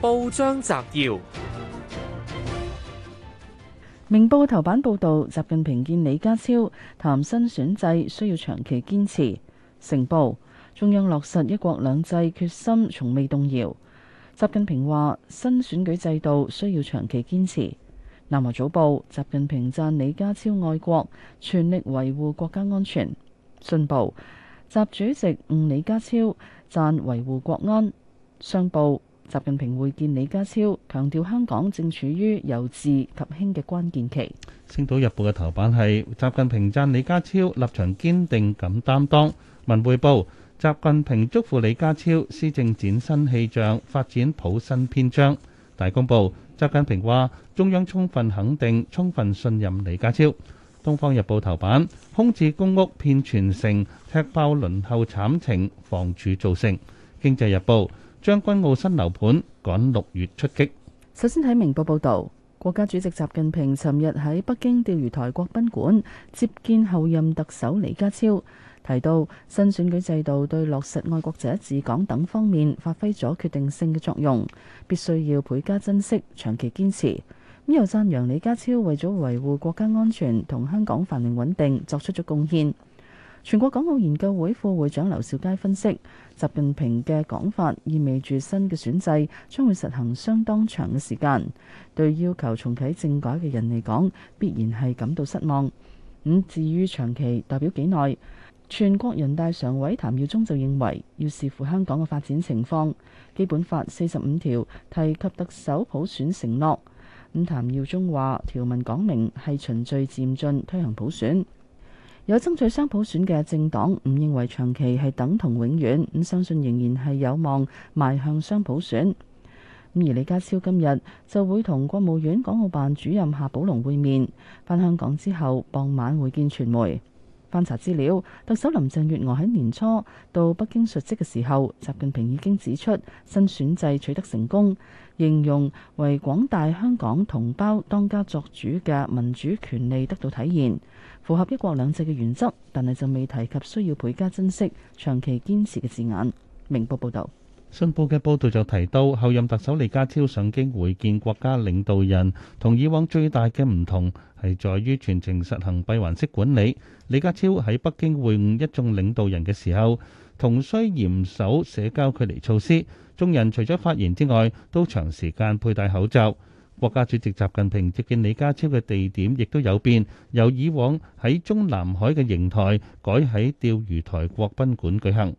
報章摘要：明報頭版報道，習近平見李家超談新選制需要長期堅持。成報，中央落實一國兩制決心從未動搖。習近平話新選舉制度需要長期堅持。南華早報，習近平讚李家超愛國，全力維護國家安全。信報，習主席晤李家超讚維護國安。商報習近平會見李家超，強調香港正處於由治及興嘅關鍵期。星島日報嘅頭版係習近平讚李家超立場堅定，敢擔當。文匯報：習近平祝福李家超施政展新氣象，發展譜新篇章。大公報：習近平話中央充分肯定、充分信任李家超。東方日報頭版：空置公屋騙全城，踢爆輪候慘情，房署造成。經濟日報。將軍澳新樓盤趕六月出擊。首先睇明報報導，國家主席習近平尋日喺北京釣魚台國賓館接見後任特首李家超，提到新選舉制度對落實愛國者治港等方面發揮咗決定性嘅作用，必須要倍加珍惜，長期堅持。咁又讚揚李家超為咗維護國家安全同香港繁榮穩定作出咗貢獻。全國港澳研究會副會長劉兆佳分析，習近平嘅講法意味住新嘅選制將會實行相當長嘅時間，對要求重啟政改嘅人嚟講，必然係感到失望。咁、嗯、至於長期代表幾耐，全國人大常委譚耀宗就認為要視乎香港嘅發展情況，《基本法》四十五條提及特首普選承諾。咁、嗯、譚耀宗話條文講明係循序漸進推行普選。有爭取雙普選嘅政黨唔認為長期係等同永遠，咁相信仍然係有望邁向雙普選。咁而李家超今日就會同國務院港澳辦主任夏寶龍會面，返香港之後傍晚會見傳媒。翻查資料，特首林鄭月娥喺年初到北京述職嘅時候，習近平已經指出新選制取得成功，形容為廣大香港同胞當家作主嘅民主權利得到體現。符合一國兩制嘅原則，但係就未提及需要倍加珍惜、長期堅持嘅字眼。明報報道，新報嘅報道就提到，候任特首李家超上京會見國家領導人，同以往最大嘅唔同係在於全程實行閉環式管理。李家超喺北京會晤一眾領導人嘅時候，同需嚴守社交距離措施，眾人除咗發言之外，都長時間佩戴口罩。國家主席習近平接見李家超嘅地點亦都有變，由以往喺中南海嘅瀛台改喺釣魚台國賓館舉行。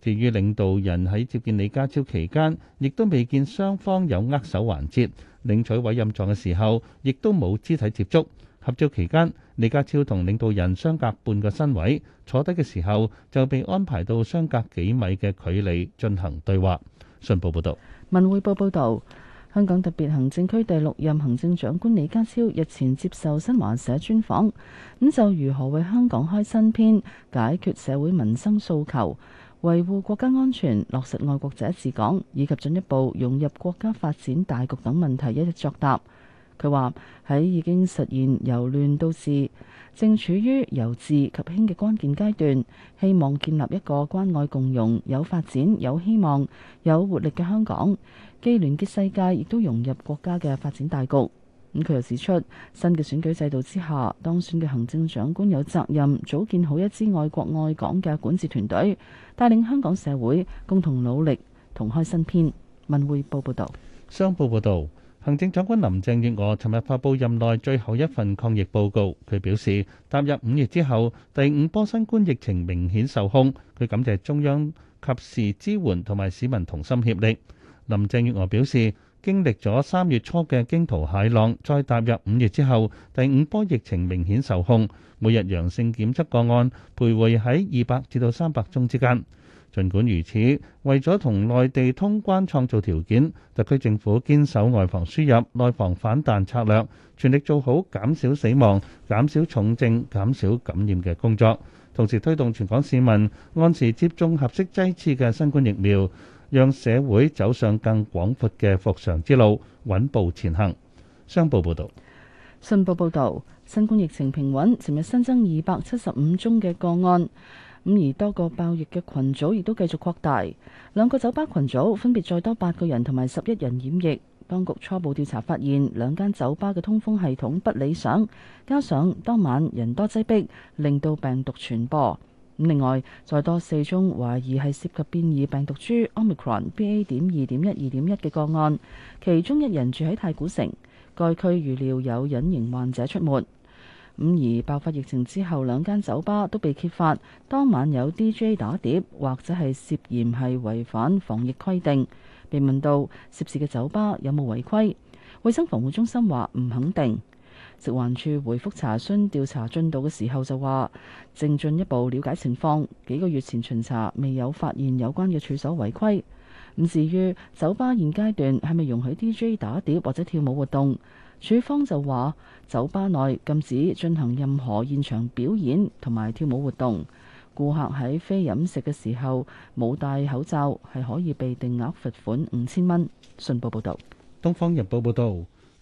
至於領導人喺接見李家超期間，亦都未見雙方有握手環節，領取委任狀嘅時候，亦都冇肢體接觸。合照期間，李家超同領導人相隔半個身位，坐低嘅時候就被安排到相隔幾米嘅距離進行對話。信報報道，文匯報報道。香港特別行政區第六任行政長官李家超日前接受新華社專訪，咁就如何為香港開新篇、解決社會民生訴求、維護國家安全、落實愛國者治港，以及進一步融入國家發展大局等問題一一作答。佢話：喺已經實現「由亂到治」，正處於由治及興嘅關鍵階段，希望建立一個關愛共融、有發展、有希望、有活力嘅香港，既連結世界，亦都融入國家嘅發展大局。咁、嗯、佢又指出，新嘅選舉制度之下，當選嘅行政長官有責任組建好一支愛國愛港嘅管治團隊，帶領香港社會共同努力同開新篇。文匯報報道。商報報道。行政長官林鄭月娥尋日發布任內最後一份抗疫報告，佢表示踏入五月之後第五波新冠疫情明顯受控。佢感謝中央及時支援同埋市民同心協力。林鄭月娥表示，經歷咗三月初嘅驚濤駭浪，再踏入五月之後第五波疫情明顯受控，每日陽性檢測個案徘徊喺二百至到三百宗之間。儘管如此，為咗同內地通關創造條件，特區政府堅守外防輸入、內防反彈策略，全力做好減少死亡、減少重症、減少感染嘅工作，同時推動全港市民按時接種合適劑次嘅新冠疫苗，讓社會走上更廣闊嘅復常之路，穩步前行。商報報道，信報報道，新冠疫情平穩，尋日新增二百七十五宗嘅個案。咁而多個爆疫嘅群組亦都繼續擴大，兩個酒吧群組分別再多八個人同埋十一人染疫。當局初步調查發現，兩間酒吧嘅通風系統不理想，加上當晚人多擠逼，令到病毒傳播。另外，再多四宗懷疑係涉及變異病毒株 Omicron BA. 點二點一二點一嘅個案，其中一人住喺太古城，該區預料有隱形患者出沒。咁而爆發疫情之後，兩間酒吧都被揭發，當晚有 DJ 打碟，或者係涉嫌係違反防疫規定。被問到涉事嘅酒吧有冇違規，衛生防護中心話唔肯定。食環署回覆查詢調查進度嘅時候就話，正進一步了解情況。幾個月前巡查未有發現有關嘅處所違規。咁至於酒吧現階段係咪容許 DJ 打碟或者跳舞活動？處方就話：酒吧內禁止進行任何現場表演同埋跳舞活動。顧客喺非飲食嘅時候冇戴口罩係可以被定額罰款五千蚊。信報報道。《東方日報》報道。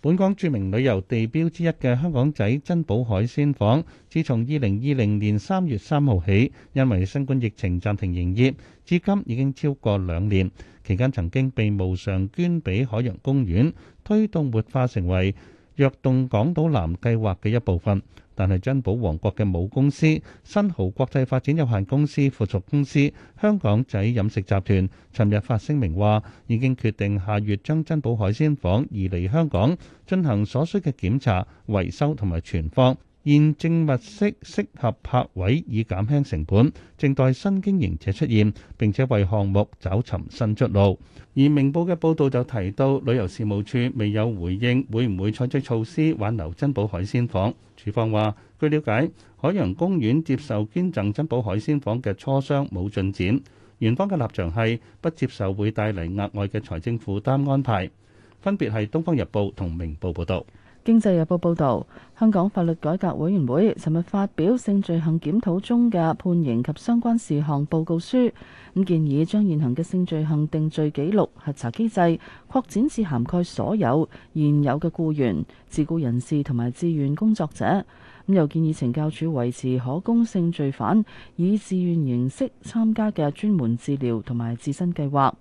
本港著名旅遊地標之一嘅香港仔珍寶海鮮舫，自從二零二零年三月三號起，因為新冠疫情暫停營業，至今已經超過兩年。期間曾經被無償捐俾海洋公園，推動活化成為，若躍動港島南計劃嘅一部分，但係珍寶王國嘅母公司新濠國際發展有限公司附屬公司香港仔飲食集團，尋日發聲明話，已經決定下月將珍寶海鮮舫移離香港，進行所需嘅檢查、維修同埋存放。現正物色適合泊位以減輕成本，正待新經營者出現，並且為項目找尋新出路。而明報嘅報導就提到，旅遊事務處未有回應會唔會採取措施挽留珍寶海鮮舫。處方話：據了解，海洋公園接受捐贈珍寶海鮮舫嘅磋商冇進展，園方嘅立場係不接受會帶嚟額外嘅財政負擔安排。分別係《東方日報》同《明報》報導。經濟日報報導，香港法律改革委員會尋日發表性罪行檢討中嘅判刑及相關事項報告書，咁建議將現行嘅性罪行定罪記錄核查機制擴展至涵蓋所有現有嘅雇員、自雇人士同埋志願工作者。咁又建議懲教署維持可供性罪犯以自願形式參加嘅專門治療同埋自身計劃。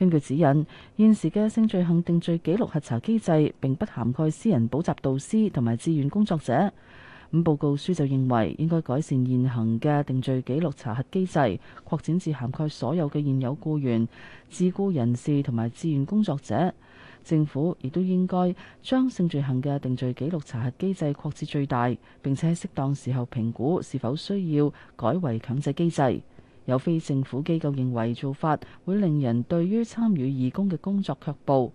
根據指引，現時嘅性罪行定罪記錄核查機制並不涵蓋私人補習導師同埋志願工作者。咁報告書就認為應該改善現行嘅定罪記錄查核機制，擴展至涵蓋所有嘅現有僱員、自僱人士同埋志願工作者。政府亦都應該將性罪行嘅定罪記錄查核機制擴至最大，並且喺適當時候評估是否需要改為強制機制。有非政府機構認為做法會令人對於參與義工嘅工作卻步。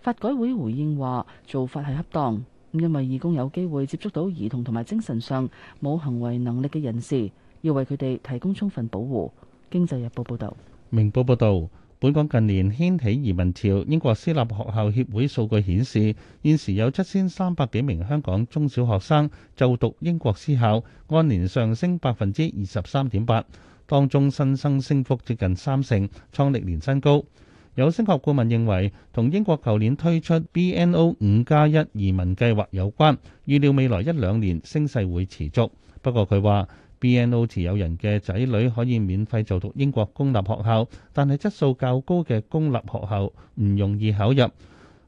法改會回應話，做法係恰當，因為義工有機會接觸到兒童同埋精神上冇行為能力嘅人士，要為佢哋提供充分保護。經濟日報報道。明報報道，本港近年掀起移民潮，英國私立學校協會數據顯示，現時有七千三百幾名香港中小學生就讀英國私校，按年上升百分之二十三點八。當中新生升幅接近三成，創歷年新高。有升學顧問認為，同英國舊年推出 BNO 五加一移民計劃有關，預料未來一兩年升勢會持續。不過佢話，BNO 持有人嘅仔女可以免費就讀英國公立學校，但係質素較高嘅公立學校唔容易考入。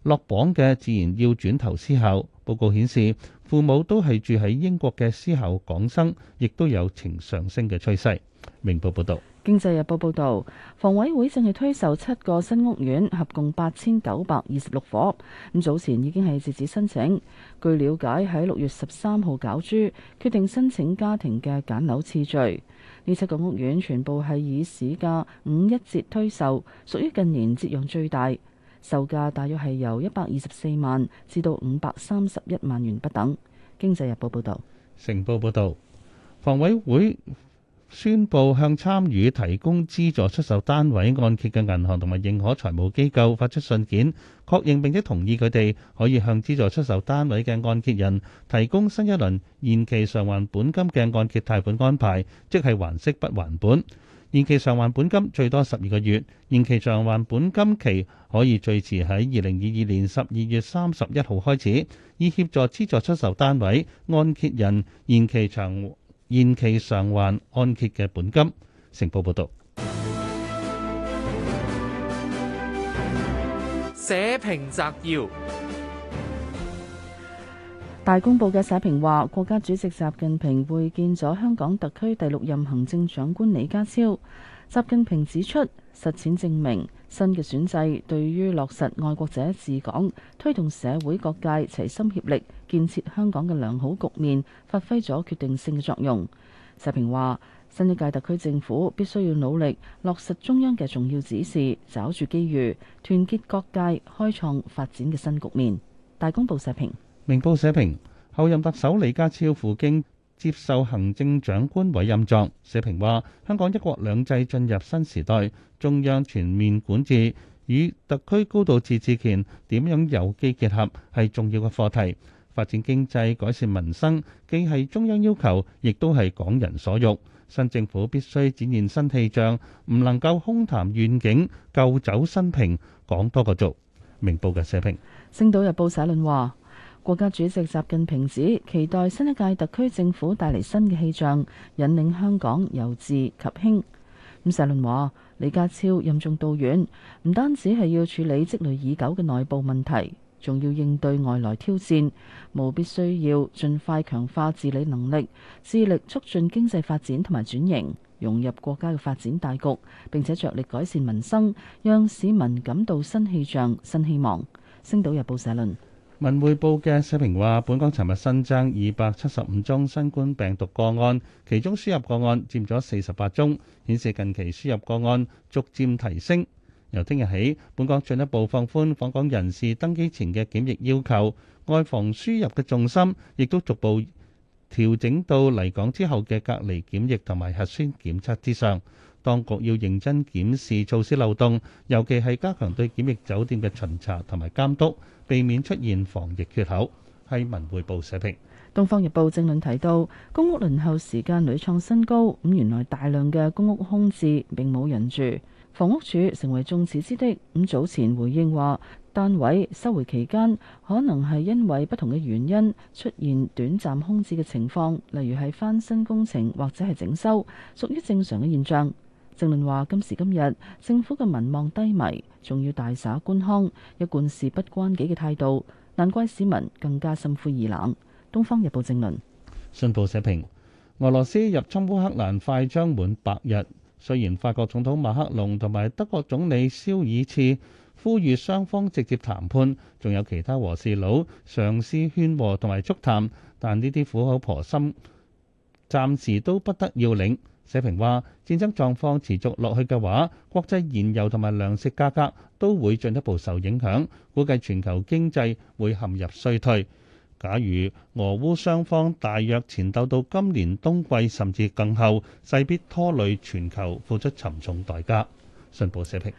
落榜嘅自然要轉投私校。報告顯示，父母都係住喺英國嘅私校港生，亦都有呈上升嘅趨勢。明報報道，經濟日報報道，房委會正係推售七個新屋苑，合共八千九百二十六伙。咁早前已經係截止申請。據了解，喺六月十三號攪珠，決定申請家庭嘅揀樓次序。呢七個屋苑全部係以市價五一折推售，屬於近年折讓最大。售價大約係由一百二十四萬至到五百三十一萬元不等。經濟日報報導，成報報導，房委會宣布向參與提供資助出售單位按揭嘅銀行同埋認可財務機構發出信件，確認並且同意佢哋可以向資助出售單位嘅按揭人提供新一輪延期償還本金嘅按揭貸款安排，即係還息不還本。延期償還本金最多十二個月，延期償還本金期可以最遲喺二零二二年十二月三十一號開始，以協助資助出售單位按揭人延期償延期償還按揭嘅本金。成報報道。社評摘要。大公報嘅社評話：國家主席習近平會見咗香港特區第六任行政長官李家超。習近平指出，實踐證明新嘅選制對於落實愛國者治港、推動社會各界齊心協力建設香港嘅良好局面，發揮咗決定性嘅作用。社評話：新一屆特區政府必須要努力落實中央嘅重要指示，抓住機遇，團結各界，開創發展嘅新局面。大公報社評。明報社評：候任特首李家超赴京接受行政長官委任狀。社評話：香港一國兩制進入新時代，中央全面管治與特區高度自治權點樣有機結合，係重要嘅課題。發展經濟、改善民生，既係中央要求，亦都係港人所欲。新政府必須展現新氣象，唔能夠空談願景、舊酒新瓶，講多過做。明報嘅社評，《星島日報》社論話。國家主席習近平指期待新一屆特區政府帶嚟新嘅氣象，引領香港由治及興。咁社論話李家超任重道遠，唔單止係要處理積累已久嘅內部問題，仲要應對外來挑戰，務必須要盡快強化治理能力，致力促進經濟發展同埋轉型，融入國家嘅發展大局，並且着力改善民生，讓市民感到新氣象、新希望。星島日報社論。文匯報嘅社評話，本港尋日新增二百七十五宗新冠病毒個案，其中輸入個案佔咗四十八宗，顯示近期輸入個案逐漸提升。由聽日起，本港進一步放寬訪港人士登機前嘅檢疫要求，外防輸入嘅重心亦都逐步調整到嚟港之後嘅隔離檢疫同埋核酸檢測之上。當局要認真檢視措施漏洞，尤其係加強對檢疫酒店嘅巡查同埋監督，避免出現防疫缺口。係文匯報社評。《東方日報》正論提到，公屋輪候時間屢創新高，咁原來大量嘅公屋空置並冇人住，房屋署成為眾矢之的。咁早前回應話，單位收回期間可能係因為不同嘅原因出現短暫空置嘅情況，例如係翻新工程或者係整修，屬於正常嘅現象。正論話：今時今日，政府嘅民望低迷，仲要大灑官腔，一貫事不關己嘅態度，難怪市民更加心灰意冷。《東方日報》正論。信報社評：俄羅斯入侵烏克蘭快將滿百日，雖然法國總統馬克龍同埋德國總理肖爾茨呼籲雙方直接談判，仲有其他和事佬嘗試勸和同埋促談，但呢啲苦口婆心，暫時都不得要領。社評話：戰爭狀況持續落去嘅話，國際燃油同埋糧食價格都會進一步受影響，估計全球經濟會陷入衰退。假如俄烏雙方大約前鬥到今年冬季甚至更後，勢必拖累全球，付出沉重代價。信報社評。